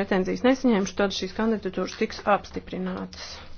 pretenzijas nesaņemšu, tad šīs kandidatūras tiks apstiprinātas.